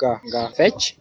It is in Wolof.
nga nga fecc